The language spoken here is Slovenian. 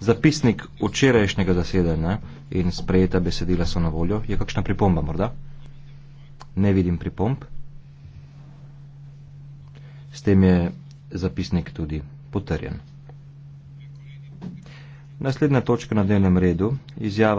zapisnik včerajšnjega zasedanja in sprejeta besedila so na voljo. Je kakšna pripomba morda? Ne vidim pripomb. S tem je zapisnik tudi potrjen. Naslednja točka na dnevnem redu, izjava.